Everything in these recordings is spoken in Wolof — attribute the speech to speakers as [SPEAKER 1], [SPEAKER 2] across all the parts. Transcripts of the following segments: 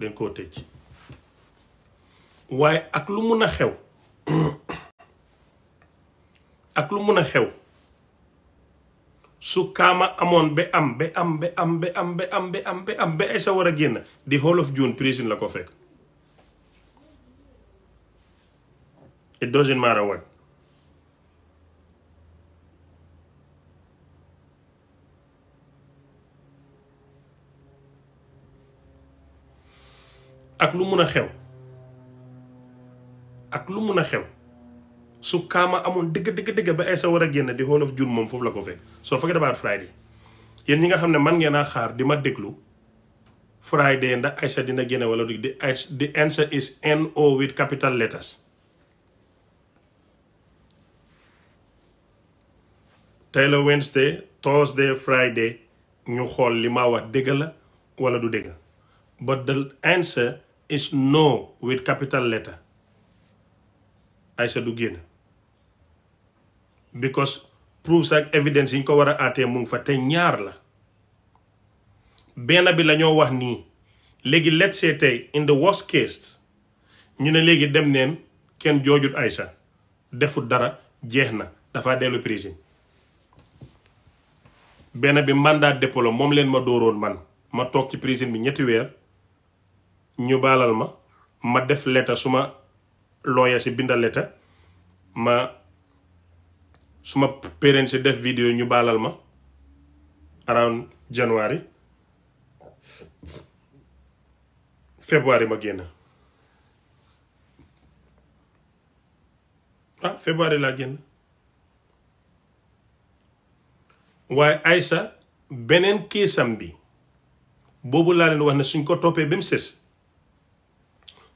[SPEAKER 1] dañ koo tëj waaye ak lu mun a xew ak lu mun a xew su kaama amoon ba am ba am ba am ba am ba am ba am ba ay sa war a génn di whole of June prison la ko fekk it doesn't ak lu mun a xew ak lu mun a xew su kaama amoon dëgg dëgg dëgg ba ay sa war a génn di Hall of Juul moom foofu la ko fekk soo fekkee dabaat Friday yéen ñi nga xam ne man ngeen a xaar di ma déglu Friday ndax Aïssa dina génne wala du di the answer is capital letters tey la Wednesday Thursday Friday ñu xool li ma wax dëgg la wala du dëgg is no with capital letter Aïssa du génn because proofs ak evidence yi ñu ko war a àttee mu fa te ñaar la benn bi lañoo wax nii léegi let's say tey in the worst case ñu ne léegi dem neen kenn joojut Aïssa defut dara jeex na dafa dellu prison benn bi mandat dépôt moom leen ma dóoroon man ma toog ci prison bi ñetti weer ñu baalal ma ma def leta su ma looya si bindal leta ma su ma parents si def vidéo ñu baalal ma around january février ma génn ah février laa génn waaye aysa beneen kiisam bi boobu laa leen wax ne suñ ko toppee ba mu sës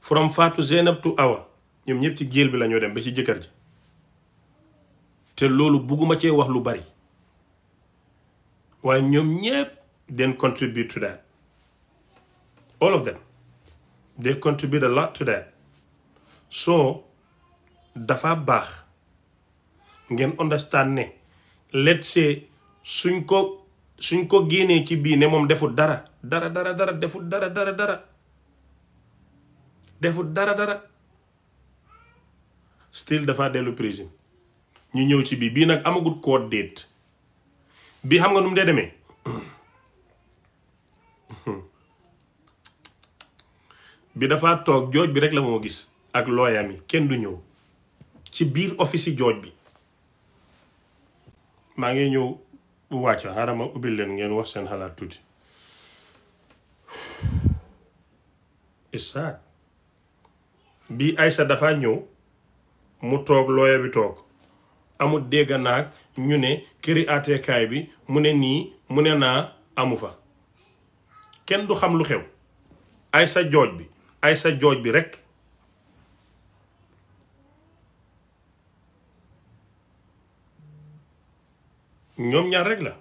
[SPEAKER 1] from Fatou Zeynab to Awa ñoom ñëpp ci géel bi la dem ba ci jëkkër ji te loolu bugguma cee wax lu bari waaye ñoom ñëpp den contribute to that all of them they contribute a lot to that so dafa baax ngeen understand ne let's say suñ ko suñ ko génnee ci bii ne moom deful dara dara dara dara deful dara dara dara defut dara dara still dafa dellu prison ñu ñëw ci biir bii nag amagut court date bii xam nga nu mu dee demee bi dafa toog jooj bi rek la moo gis ak looyam yi kenn du ñëw ci biir office yi jooj bi maa ngi ñëw wàcc xaaral ma ubbil leen ngeen wax seen xalaat tuuti it's sad ay sa dafa ñëw mu toog looya bi toog amul dégg ñu ne këri àtteekaay bi mu ne nii mu ne naa amu fa kenn du xam lu xew Aïcha jooj bi Aïcha jooj bi rekk ñoom ñaar rekk la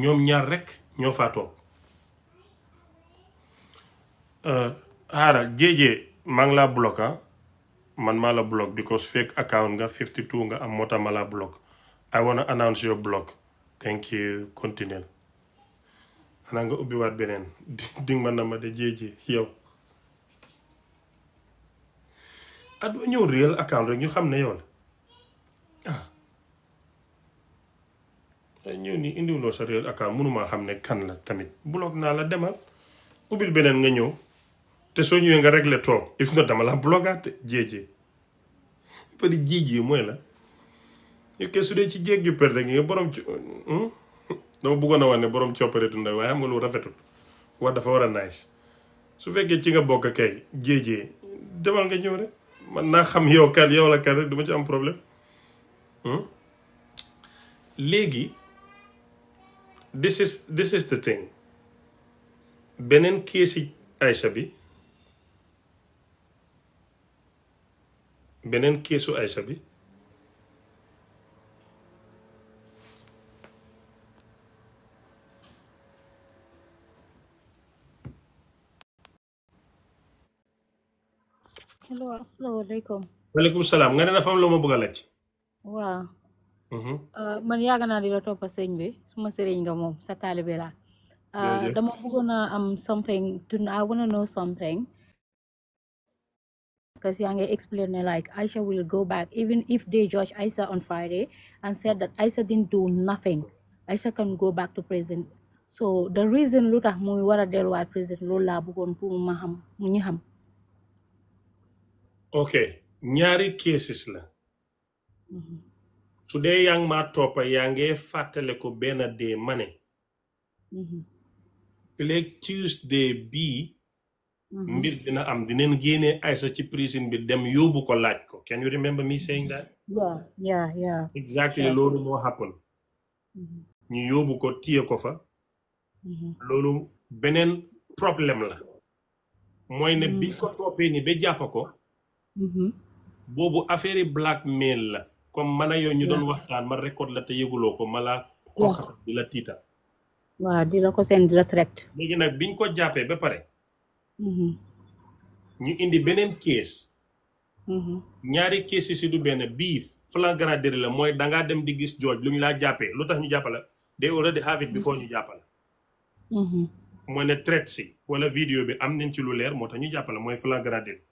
[SPEAKER 1] ñoom ñaar rek ñoo faa toog xaaral euh, jéejee maa ngi laa bloqué ah. man maa la block because fake account nga 52 nga am moo tax ma la block I wanna announce your block thank you continue xanaa nga ubbiwaat beneen ding ma na ma de jéejee yow adoo ñëw réel account rek ñu xam ne yow Eh, ñëw ni indiwuloo sa réel account mënumaa xam ne kan la tamit block naa la demal ubbil beneen nga ñëw te soo ñëwee nga réglé toog if nga dama la bloquaate jéejee pari jéejee mooy la yokkee su ci jéeg ju perte gi nga borom ci hmm? dama bëggoon ne borom coppare tunday waaye xam nga lu rafetul wax dafa war a nice su fekkee ci nga bokk kay jéejee demal nga ñëw rek man naa xam yow kan yow la kan rek du ci am problème hmm? léegi this is this is the thing beneen kiisi Aïcha bi beneen kiisu Aïcha bi allo asalaamaaleykum. waaleykum salaam nga ne dafa am loo ma bëgg laaj. waaw. Mm-hmm. Uh, man yàgg naa di la topp sëñ bi suma sëriñ nga moom sa taalibe uh, dama bëggoon something I want to know something because yaa ngi explain ne like Aisha will go back even if they judge Aisha on Friday and said that Aisha didn't do nothing Aisha can go back to prison so the reason lu tax muy war a delluwaat prison loolu laa bëggoon pour ma xam mu ñu xam ok ñaari cases la mm-hmm. su dee yaa ngi toppa yaa ngee fàttale ko benn dee ma ne fileeg mm-hmm. Tuesday bii mm-hmm. mbir dina am dineen génne Aysa ci prison bi dem yóbbu ko laaj ko kenn you remember me saying that yeah yeah exactly loolu moo happen mm-hmm. ñu yóbbu ko téye ko fa loolu beneen problème la mooy ne biñ ko toppee ni ba jàpp ko boobu affaire blackmail la comme man a yow ñu doon waxtaan ma record la te yeguloo ko ma laa ko la tiital waaw di la ko seen di la traite bi ñu ko jàppee ba pare mm-hmm. ñu indi beneen case mm-hmm. ñaari case yi si du benn bii flagrant délit la mooy dangaa dem di gis jooj lu ñu laa jàppee lu tax ñu jàppala they already have it before ñu jàppala mm-hmm. mooy ne traite si wala vidéo bi am nañ ci lu leer moo tax ñu jàppala mooy flagrant délit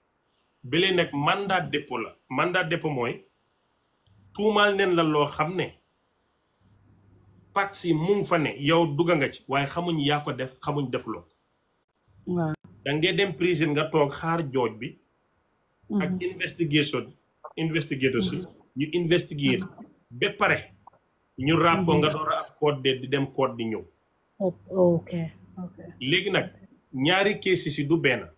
[SPEAKER 1] bi léegi nag mandat dépôt la mandat dépôt mooy tuumaal neen la loo xam ne pàcc yi mu fa ne yow dugga nga ci waaye xamuñ yaa ko def xamuñ def loo waaw da ngay dem prison nga toog xaar jooj bi mm-hmm. ak investigation investigation si mm-hmm. ñu investigate ba pare ñu rappoo nga mm-hmm. door a ak code de di dem code di ñëw léegi nag ñaari keesi si du benn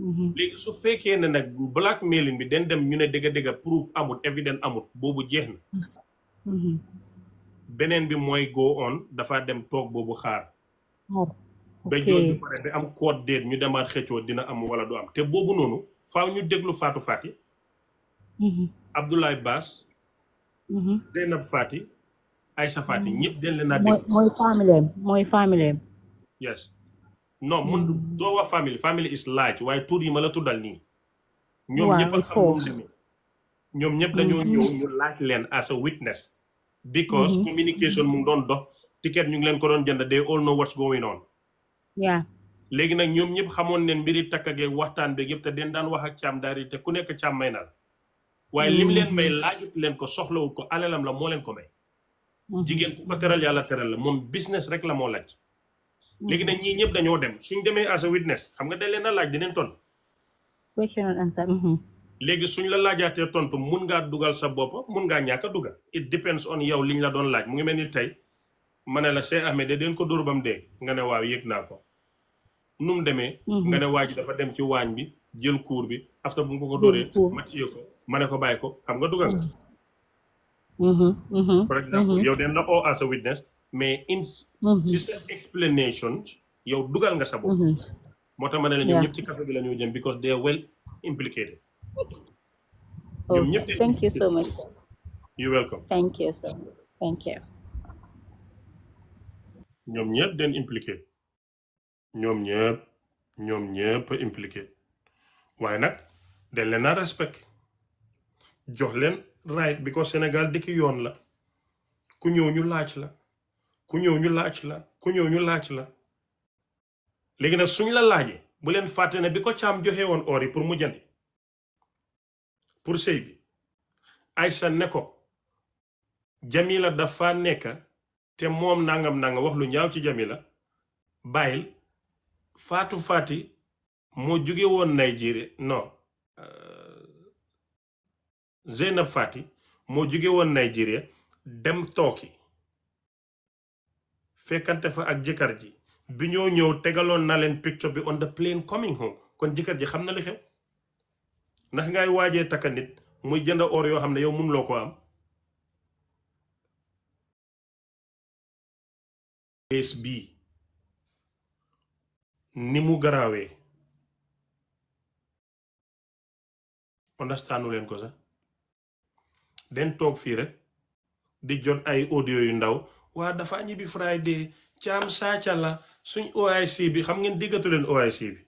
[SPEAKER 1] Mm-hmm. léegi su fekkee ne nag blackmailing bi den dem ñu ne dëgg dëgg proof amut evidence amut boobu jeex na. Mm-hmm. beneen bi mooy go on dafa dem toog boobu xaar. Oh, ba jooju pare ba am code date ñu demaat xëccoo dina am wala du am te boobu noonu faw ñu déglu Fatou Fati. Mm-hmm. Abdoulaye Bass. Zeynab Fati. Aïssa Fati ñëpp den leen a déglu. mooy mooy mooy familleem. non mun hmm. doo wax famille famille is laaj waaye tour yi ma la tuddal nii. ñoom ñëpp a xam moom demee ñoom ñëpp dañoo hmm. ñëw ñu laaj leen as a witness. because hmm. communication mu ngi doon dox ticket ñu ngi leen ko doon jënd they all know what's léegi nag ñoom ñëpp xamoon ne mbiri takk geeg waxtaan beeg yëpp te den daan wax ak càmm daari te ku nekk càmm may na la. waaye lim leen leen ko soxlawu ko alalam la moo leen ko may. jigéen ku ko teral yàlla teral la moom business rek la moo laaj. léegi nag ñii ñëpp dañoo dem suñ demee as a witness xam nga dañ a laaj dinañ tontu. question mhm. léegi suñ la laajaatee tontu mun ngaa dugal sa bopp mun ngaa ñàkk a dugal. it depends on yow liñ la doon laaj mu ngi mel ni tey ma ne la Cheikh Ahmed de den ko dóor ba de nga ne waaw yëg naa ko nu mu demee. Mhm. nga ne waa dafa dem ci waañ bi jël kuur bi after bu mu ko ko dóoree. ma téye ko ma ne ko bàyyi ko xam nga dugal nga. Mhm. par exemple yow den la oo as a witness. mais in ci sa explanation yow dugal nga sa mhm. moo tax ma ne la ñoom ñëpp ci kaso gi la ñoo jëm because they are well implicated ñoom ñëpp thank you so much den impliqué ñoom ñëpp ñoom ñëpp impliqué waaye nag dañ leen a respect jox leen right because Sénégal dëkk yoon la ku ñëw ñu laaj la ku ñëw ñu laaj la ku ñëw ñu laaj la léegi nag suñ la laajee bu leen fàtte ne bi ko caam joxe woon or yi pour mu jënd pour sëy bi Aysa ne ko Jamila dafa nekk te moom nangam nangam wax lu ñaaw ci Jamila bàyyil Faatu Faati moo jóge woon Nigeria non euh, Zeynab Faati moo jóge woon Nigeria dem tooki fekkante fa ak jëkkër ji bi ñoo ñëw tegaloon na leen picture bi on the home kon jëkkër ji xam na li xew ndax ngay waajee takka nit muy jënd or yoo xam ne yow mënuloo ko am bés bii ni mu garaawee understandu leen ko sax den toog fii rek di jot ay audio yu ndaw waa dafa ñibbi Friday caam saaca la suñ OIC bi xam ngeen déggatu leen OIC bi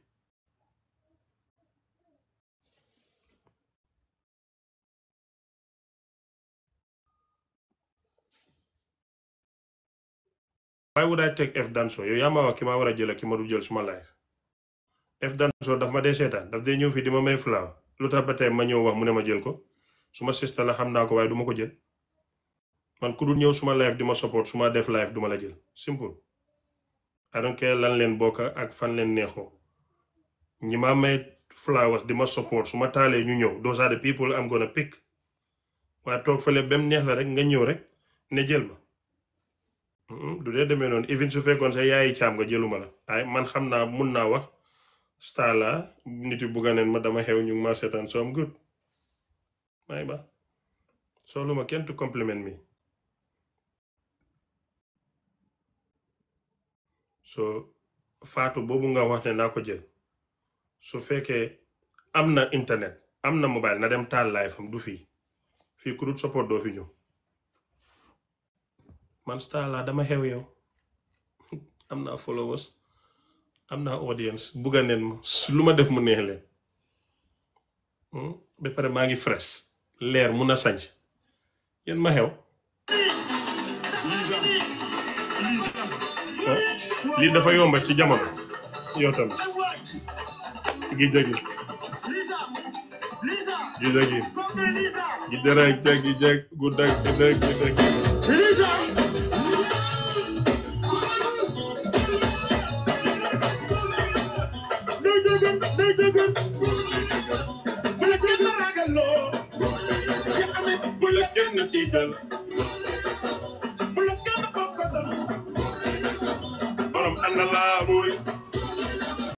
[SPEAKER 1] why would I take F Danso ma wax ki ma war a jël ak ki ma du jël suma life F daf ma dee seetaan daf dee ñëw fii di ma may flaw lu tax ba tey ma ñëw wax mu ne ma jël ko suma sista la xam naa ko waaye du ma ko jël man ku dul ñëw suma live di ma support suma def live ma la jël simple I don't care lan leen bokk ak fan leen neexoo ñi ma may flowers di ma support su ma taalee ñu ñëw doo are the people I'm gonna pick waaye toog fële ba mu neex la rek nga ñëw rek ne jël ma du dee demee noonu even su fekkoon sa yaayi caam nga jëluma la ay man xam naa mun naa wax star la nit yu bugga neen ma dama xew ñu ngi ma seetaan so am good may ba soxlu ma kenn tu compliment so faatu boobu nga wax naa ko jël su fekkee am na internet am na mobile na dem taal live am du fii fii ku dul support doo fi ñëw man star dama xew yow am naa followers am na audience bugga neen ma lu ma def mu neex leen hmm? ba pare maa ngi fresh leer mun a sañ yéen ma xew lii dafa yomba ci jamono yow tamit gi jegi gi jegi gi derek jeg gi jeg gudeg gi deg gi deg Thank you. la buy